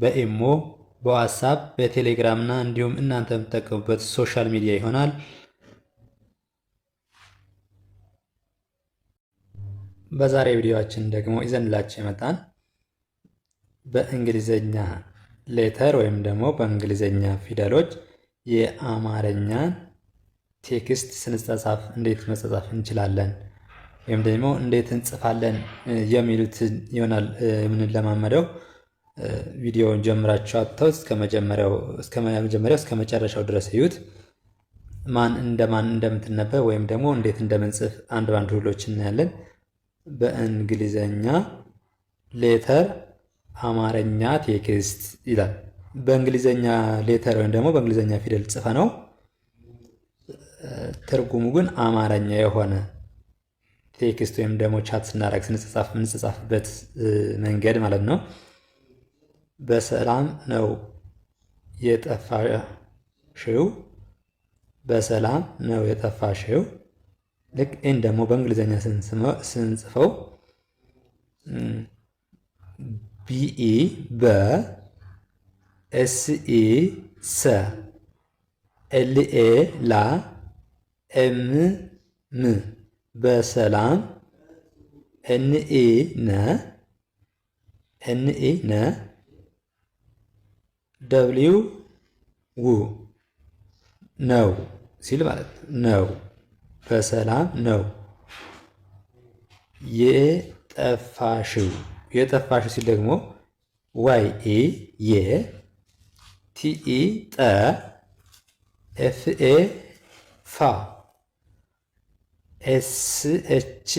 በኤሞ በዋትሳፕ በቴሌግራም እና እንዲሁም እናንተ የምትጠቀሙበት ሶሻል ሚዲያ ይሆናል። በዛሬ ቪዲዮችን ደግሞ ይዘንላቸው የመጣን በእንግሊዘኛ ሌተር ወይም ደግሞ በእንግሊዘኛ ፊደሎች የአማርኛን ቴክስት ስንጸጻፍ እንዴት መጸጻፍ እንችላለን ወይም ደግሞ እንዴት እንጽፋለን የሚሉትን ይሆናል የምንለማመደው። ቪዲዮውን ጀምራችሁ አጥተው እስከ መጀመሪያው እስከ መጨረሻው ድረስ እዩት። ማን እንደማን እንደምትነበብ ወይም ደግሞ እንዴት እንደምንጽፍ አንድ ባንድ ሁሎች እናያለን። በእንግሊዘኛ ሌተር አማርኛ ቴክስት ይላል። በእንግሊዘኛ ሌተር ወይም ደግሞ በእንግሊዘኛ ፊደል ጽፈ ነው ትርጉሙ ግን አማርኛ የሆነ ቴክስት ወይም ደግሞ ቻት ስናደርግ ስንጽጻፍ የምንጽጻፍበት መንገድ ማለት ነው። በሰላም ነው የጠፋሽው በሰላም ነው የጠፋሽው። ልክ ይህን ደግሞ በእንግሊዝኛ ስንጽፈው ቢኢ በ ኤስኢ ሰ ኤልኤ ላ ኤም ም በሰላም ኤንኢ ነ ኤንኢ ነ ደብሊው ው ነው ሲል ማለት ነው። በሰላም ነው የጠፋሽው። የጠፋሽው ሲል ደግሞ ዋይ ኢ የ ቲ ኢ ጠ ኤፍኤ ፋ ኤስኤች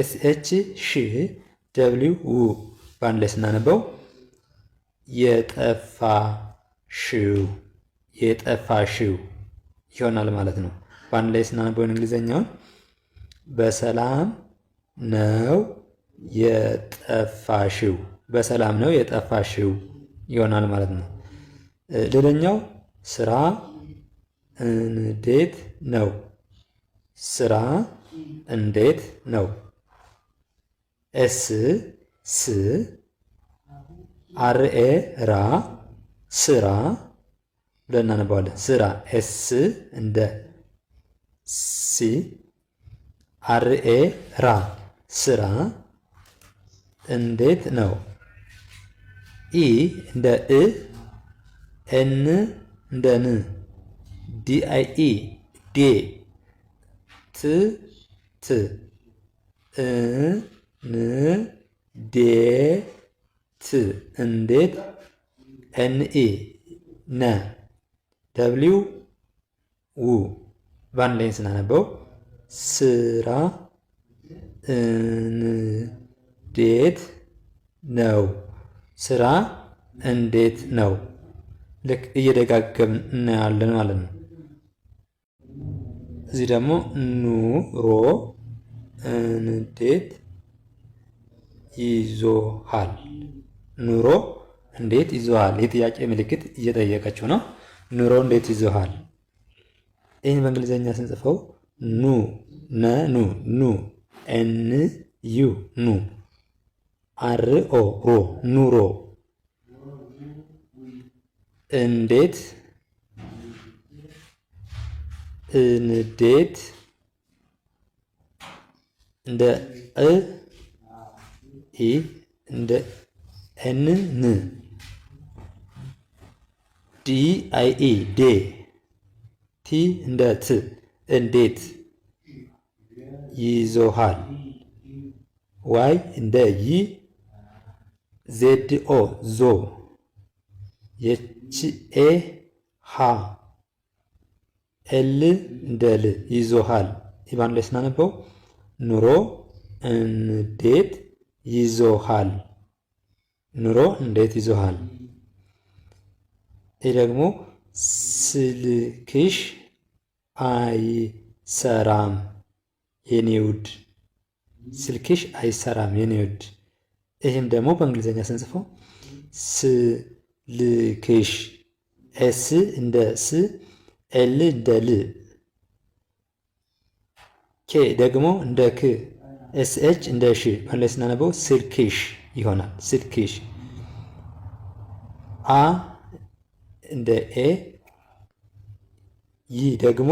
ኤስኤች ሺ ደብሊው ው በአንድ ላይ ስናነበው የጠፋሽው የጠፋሽው ይሆናል ማለት ነው። በአንድ ላይ ስናነበው እንግሊዘኛውን በሰላም ነው የጠፋሽው በሰላም ነው የጠፋሽው ይሆናል ማለት ነው። ሌላኛው ስራ እንዴት ነው? ስራ እንዴት ነው? ኤስ ስ አርኤ ራ ስራ ብለን እናነባዋለን። ስራ ኤስ እንደ ሲ አርኤ ራ ስራ እንዴት ነው? ኢ እንደ እ ኤን እንደ ን ዲ አይ ኢ ዴ ት ት እ ን ዴ ት እንዴት ኤንኤ ነ ደብሊው ው በአንድ ላይ ስናነበው ስራ እንዴት ነው ስራ እንዴት ነው። ልክ እየደጋገምን እናያለን ማለት ነው። እዚህ ደግሞ ኑሮ እንዴት ይዞሃል ኑሮ እንዴት ይዞሃል? የጥያቄ ምልክት እየጠየቀችው ነው። ኑሮ እንዴት ይዞሃል? ይህን በእንግሊዝኛ ስንጽፈው ኑ ነ ኑ ኤን ዩ ኑ አር ኦ ሮ ኑሮ እንዴት እንዴት እንደ እ ኢ እንደ ኤን ን ዲ አይ ኢ ዴ ቲ እንደ ት እንዴት ይዞሃል። ዋይ እንደ ይ ዜድ ኦ ዞ የች ኤ ሃ ኤል እንደ ል ይዞሃል። ኢባን ላይ ስናነበው ኑሮ እንዴት ይዞሃል። ኑሮ እንዴት ይዞሃል? ይህ ደግሞ ስልክሽ አይሰራም የኔ ውድ፣ ስልክሽ አይሰራም የኔ ውድ። ይህም ደግሞ በእንግሊዝኛ ስንጽፈው ስልክሽ ኤስ እንደ ስ፣ ኤል እንደ ል፣ ኬ ደግሞ እንደ ክ፣ ኤስ ኤች እንደ ሽ ማለት ስናነበው ስልክሽ ይሆናል። ስልክሽ አ እንደ ኤ ይ ደግሞ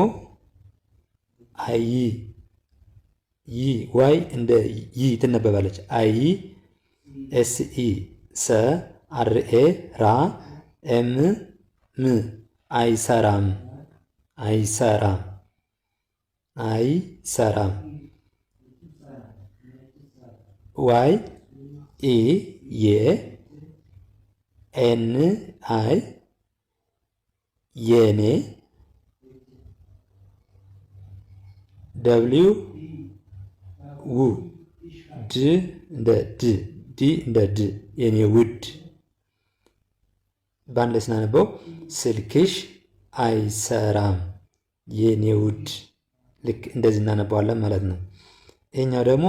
አይ ይ ዋይ እንደ ይ ትነበባለች። አይ ኤስ ኢ ሰ አር ኤ ራ ኤም ም አይሰራም አይሰራም አይሰራም ዋይ ኢ የ ኤን አይ የኔ ደብሊው ው ድ እንደ ድ ዲ እንደ ድ የኔ ውድ በአንድ ላይ ስናነበው ስልክሽ አይሰራም የኔ ውድ። ልክ እንደዚህ እናነበዋለን ማለት ነው። ይህኛው ደግሞ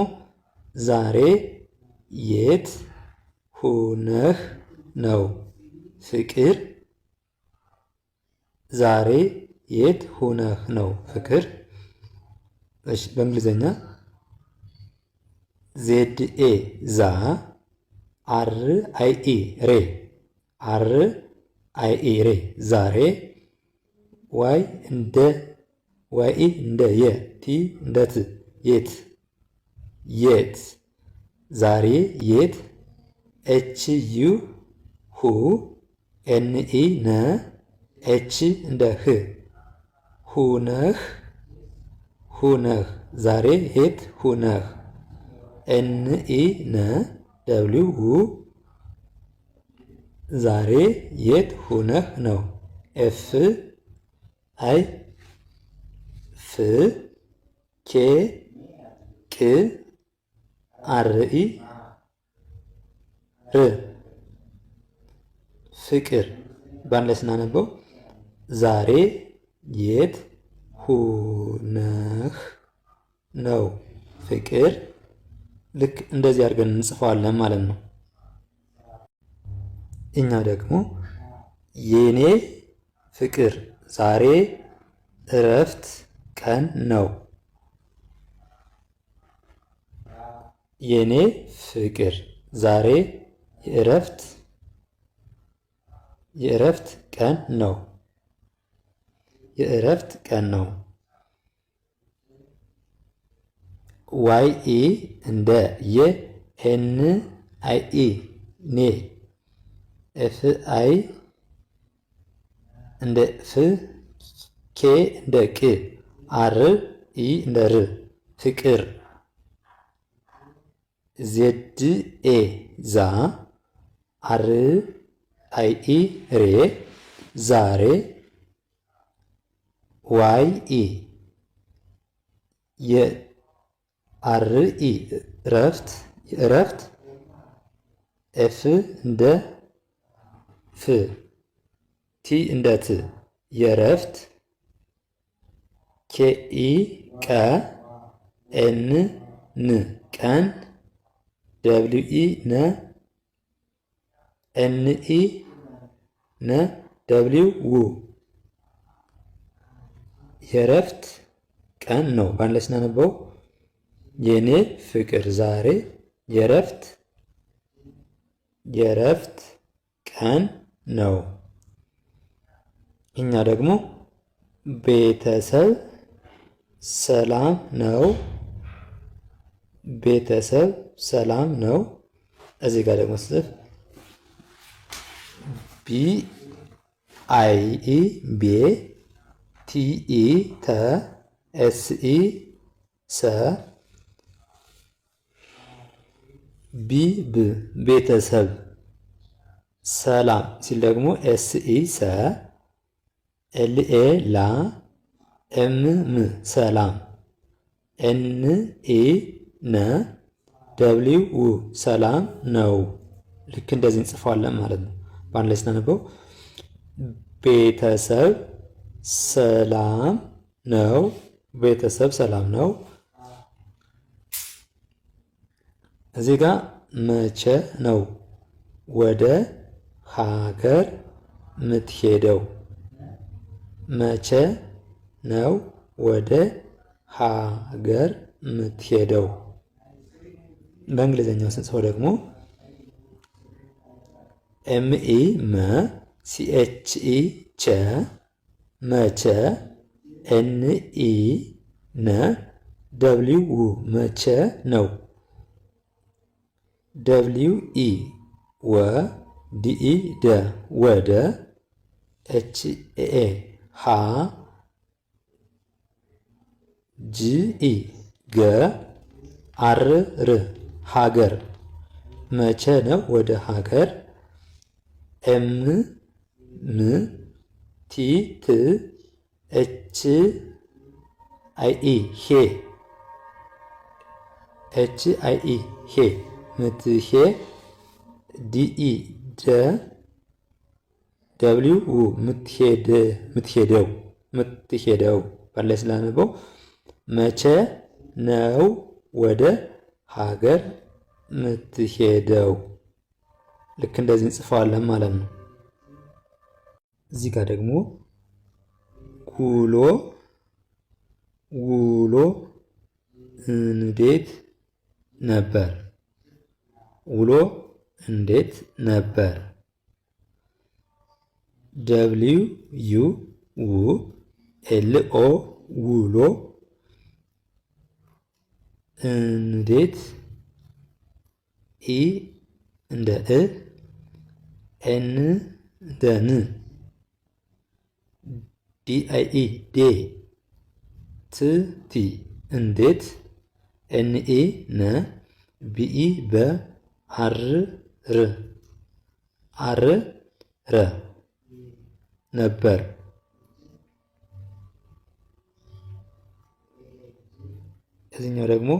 ዛሬ የት ሁነህ ነው? ፍቅር ዛሬ የት ሁነህ ነው? ፍቅር እሺ፣ በእንግሊዘኛ ዜድ ኤ ዛ አር አይ ኢ ሬ አር አይ ኢ ሬ ዛሬ ዋይ እንደ ዋይ ኢ እንደ የ ቲ እንደ ት የት የት ዛሬ የት ኤች ዩ ሁ ኤን ኢ ነ ኤች እንደ ህ ሁነህ ሁነህ ዛሬ የት ሁነህ ኤን ኢ ነ ደብሊው ው ዛሬ የት ሁነህ ነው ኤፍ አይ ፍ ኬ ቅ አርኢ ር ፍቅር ባንድ ላይ ስናነበው ዛሬ የት ሁነህ ነው? ፍቅር ልክ እንደዚህ አድርገን እንጽፈዋለን ማለት ነው። እኛ ደግሞ የኔ ፍቅር ዛሬ እረፍት ቀን ነው የኔ ፍቅር ዛሬ የእረፍት የእረፍት ቀን ነው። የእረፍት ቀን ነው። ዋይ ኢ እንደ የ ኤን አይ ኢ ኔ ኤፍ አይ እንደ ፍ ኬ እንደ ቅ አር ኢ እንደ ር ፍቅር ዜድ ኤ ዛ አር አይ ኢ ሬ ዛሬ ዋይ ኢ የአር ኢ እረፍት እረፍት ኤፍ እንደ ፍ ቲ እንደ ት የእረፍት ኢ ቀ ኤን ን ቀን ደብሊው ኢ ነ ኤን ኢ ነ ደብሊው ው የእረፍት ቀን ነው። በአንድ ላይ ስናነበው የኔ ፍቅር ዛሬ የእረፍት የእረፍት ቀን ነው። እኛ ደግሞ ቤተሰብ ሰላም ነው ቤተሰብ ሰላም ነው። እዚህ ጋር ደግሞ ስጽፍ ቢ አይ ኢ ቤ ቲ ኢ ተ ኤስ ኢ ሰ ቢ ብ ቤተሰብ ሰላም ሲል ደግሞ ኤስ ኢ ሰ ኤል ኤ ላ ኤም ም ሰላም ኤን ኢ ነ ደብሊው ው ሰላም ነው። ልክ እንደዚህ እንጽፈዋለን ማለት ነው። በአንድ ላይ ስናነበው ቤተሰብ ሰላም ነው። ቤተሰብ ሰላም ነው። እዚህ ጋር መቼ ነው ወደ ሀገር የምትሄደው? መቼ ነው ወደ ሀገር ምትሄደው። በእንግሊዝኛው ስንጽፈው ደግሞ ኤምኢ መ ሲኤችኢ ቸ መቸ ኤንኢ ነ ደብሊው መቸ ነው። ደብሊው ኢ ወ ዲኢ ደ ወደ ኤ ሃ ጂኢ ገ አርር ሀገር መቼ ነው ወደ ሀገር ኤም ም ቲ ት ኤች አይ ኢ ሄ ኤች አይ ኢ ሄ ምትሄ ዲኢ ደ ደብሊው ምትሄደው ምትሄደው ባለ ስላነበው መቼ ነው ወደ ሀገር ምትሄደው። ልክ እንደዚህ እንጽፈዋለን ማለት ነው። እዚህ ጋር ደግሞ ጉሎ ውሎ እንዴት ነበር? ውሎ እንዴት ነበር? ደብሊው ዩ ው ኤል ኦ ውሎ እንዴት ኢ እንደ እ ኤን እንደ ን ዲ አይ ኢ ዴ ት ቲ እንዴት ኤን ኤ ነ ቢኢ በ አር ር አር ረ ነበር ከዚህኛው ደግሞ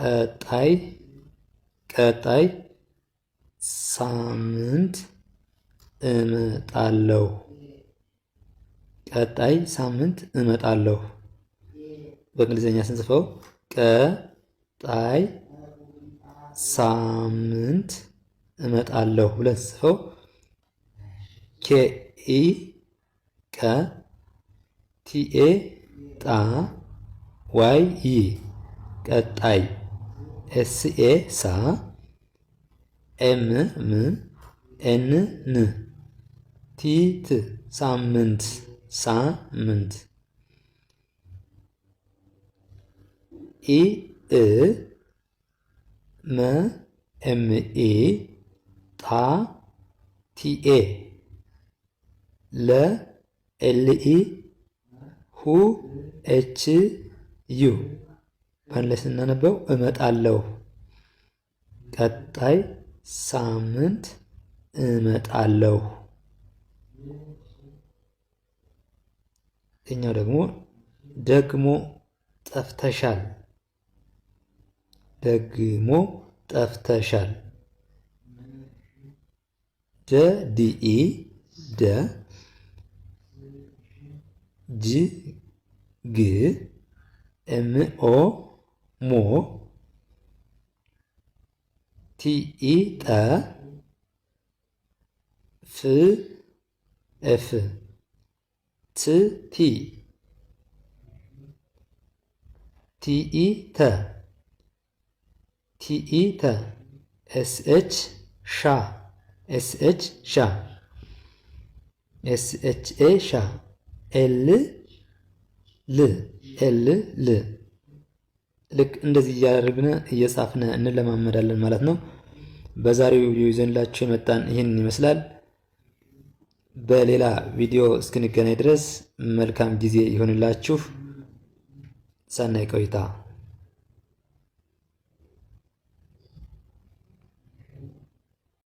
ቀጣይ ቀጣይ ሳምንት እመጣለሁ ቀጣይ ሳምንት እመጣለሁ። በእንግሊዝኛ ስንጽፈው ቀጣይ ሳምንት እመጣለሁ ብለን ስንጽፈው ኬኢ ቀ ቲኤ ጣ ዋይ ኢ ቀጣይ ኤስኤ ሳ ኤም ም ኤን ን ቲት ሳምንት ሳምንት ኢ እ መ ኤም ኢ ጣ ቲኤ ለ ኤል ኢ ሁ ኤች ዩ መለስ ስናነበው እመጣለሁ። ቀጣይ ሳምንት እመጣለሁ። እኛው ደግሞ ደግሞ ጠፍተሻል። ደግሞ ጠፍተሻል። ደ ዲኢ ደ ጅ ግ ኤም ኤምኦ ሞ ቲኢ ጠ ፍ ኤፍ ት ቲ ቲኢ ተ ቲኢ ተ ኤስኤች ሻ ኤስኤች ሻ ኤስኤች ኤ ሻ ኤል ል ኤል ል ልክ እንደዚህ እያደረግን እየጻፍን እንለማመዳለን ማለት ነው። በዛሬው ቪዲዮ ይዘንላችሁ የመጣን ይህንን ይመስላል። በሌላ ቪዲዮ እስክንገናኝ ድረስ መልካም ጊዜ ይሆንላችሁ። ሰናይ ቆይታ